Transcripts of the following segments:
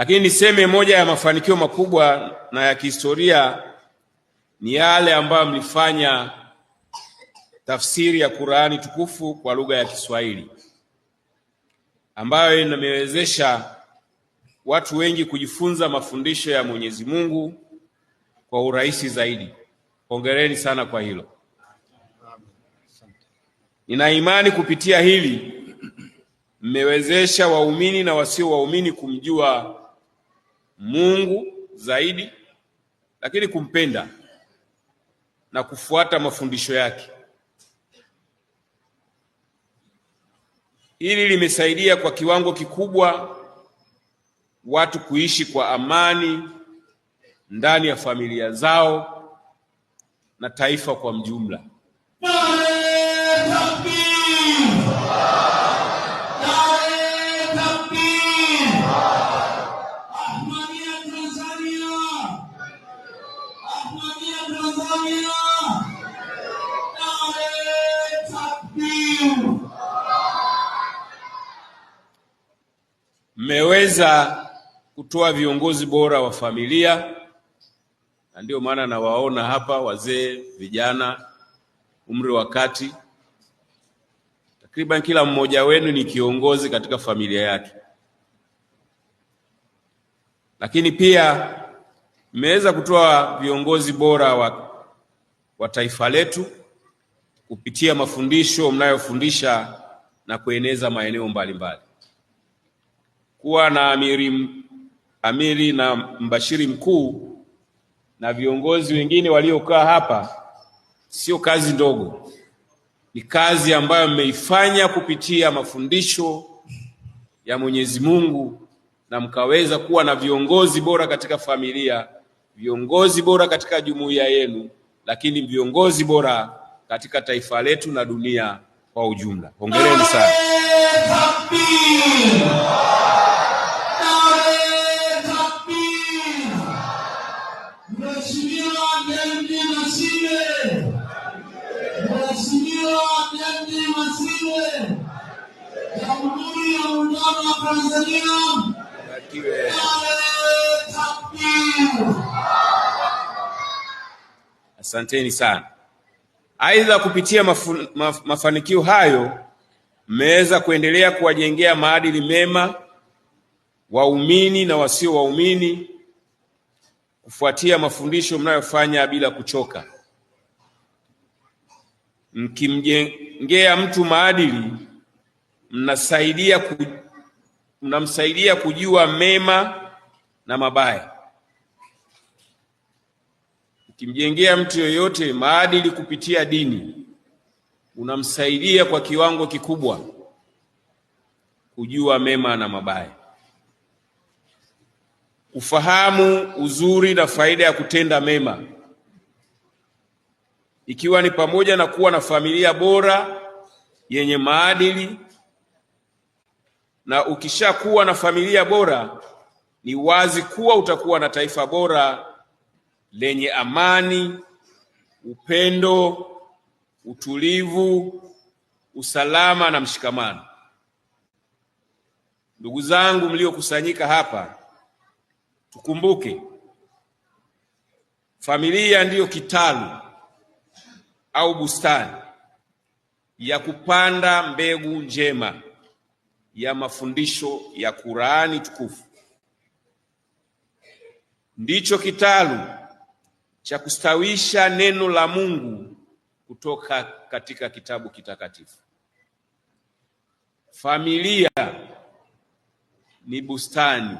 Lakini niseme moja ya mafanikio makubwa na ya kihistoria ni yale ambayo mlifanya tafsiri ya Qur'ani tukufu kwa lugha ya Kiswahili ambayo inamewezesha watu wengi kujifunza mafundisho ya Mwenyezi Mungu kwa urahisi zaidi. Hongereni sana kwa hilo. Nina imani kupitia hili mmewezesha waumini na wasio waumini kumjua Mungu zaidi, lakini kumpenda na kufuata mafundisho yake. Hili limesaidia kwa kiwango kikubwa watu kuishi kwa amani ndani ya familia zao na taifa kwa mjumla. mmeweza kutoa viongozi bora wa familia, na ndio maana nawaona hapa wazee, vijana, umri wa kati, takriban kila mmoja wenu ni kiongozi katika familia yake. Lakini pia mmeweza kutoa viongozi bora wa, wa taifa letu kupitia mafundisho mnayofundisha na kueneza maeneo mbalimbali kuwa na amiri, amiri na mbashiri mkuu na viongozi wengine waliokaa hapa sio kazi ndogo, ni kazi ambayo mmeifanya kupitia mafundisho ya Mwenyezi Mungu na mkaweza kuwa na viongozi bora katika familia, viongozi bora katika jumuiya yenu, lakini viongozi bora katika taifa letu na dunia kwa ujumla. Hongereni sana. asanteni sana. Aidha, kupitia mafu, maf, mafanikio hayo mmeweza kuendelea kuwajengea maadili mema waumini na wasio waumini kufuatia mafundisho mnayofanya bila kuchoka, mkimjengea mtu maadili mnasaidia ku, mnamsaidia kujua mema na mabaya. Mkimjengea mtu yoyote maadili kupitia dini, unamsaidia kwa kiwango kikubwa kujua mema na mabaya ufahamu uzuri na faida ya kutenda mema, ikiwa ni pamoja na kuwa na familia bora yenye maadili. Na ukishakuwa na familia bora, ni wazi kuwa utakuwa na taifa bora lenye amani, upendo, utulivu, usalama na mshikamano. Ndugu zangu mliokusanyika hapa Tukumbuke familia ndiyo kitalu au bustani ya kupanda mbegu njema ya mafundisho ya Qur'ani tukufu. Ndicho kitalu cha kustawisha neno la Mungu kutoka katika kitabu kitakatifu. Familia ni bustani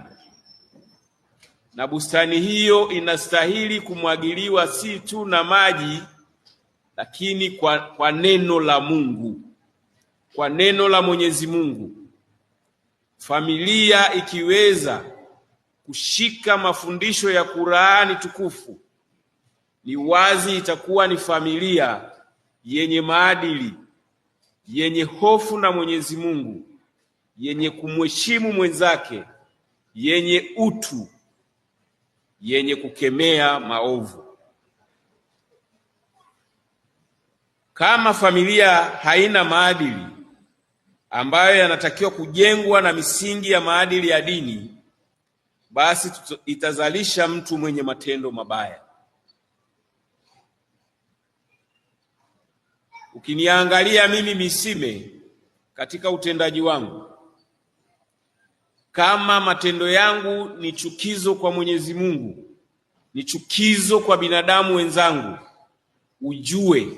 na bustani hiyo inastahili kumwagiliwa si tu na maji, lakini kwa, kwa neno la Mungu, kwa neno la Mwenyezi Mungu. Familia ikiweza kushika mafundisho ya Qur'ani tukufu, ni wazi itakuwa ni familia yenye maadili, yenye hofu na Mwenyezi Mungu, yenye kumheshimu mwenzake, yenye utu yenye kukemea maovu. Kama familia haina maadili ambayo yanatakiwa kujengwa na misingi ya maadili ya dini, basi itazalisha mtu mwenye matendo mabaya. Ukiniangalia mimi Misime katika utendaji wangu kama matendo yangu ni chukizo kwa Mwenyezi Mungu, ni chukizo kwa binadamu wenzangu, ujue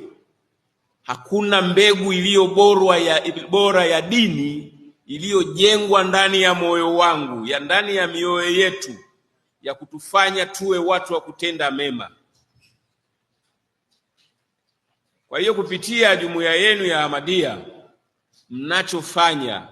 hakuna mbegu iliyo bora ya, bora ya dini iliyojengwa ndani ya moyo wangu ya ndani ya mioyo yetu ya kutufanya tuwe watu wa kutenda mema. Kwa hiyo kupitia jumuiya yenu ya Ahmadiyya mnachofanya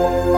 you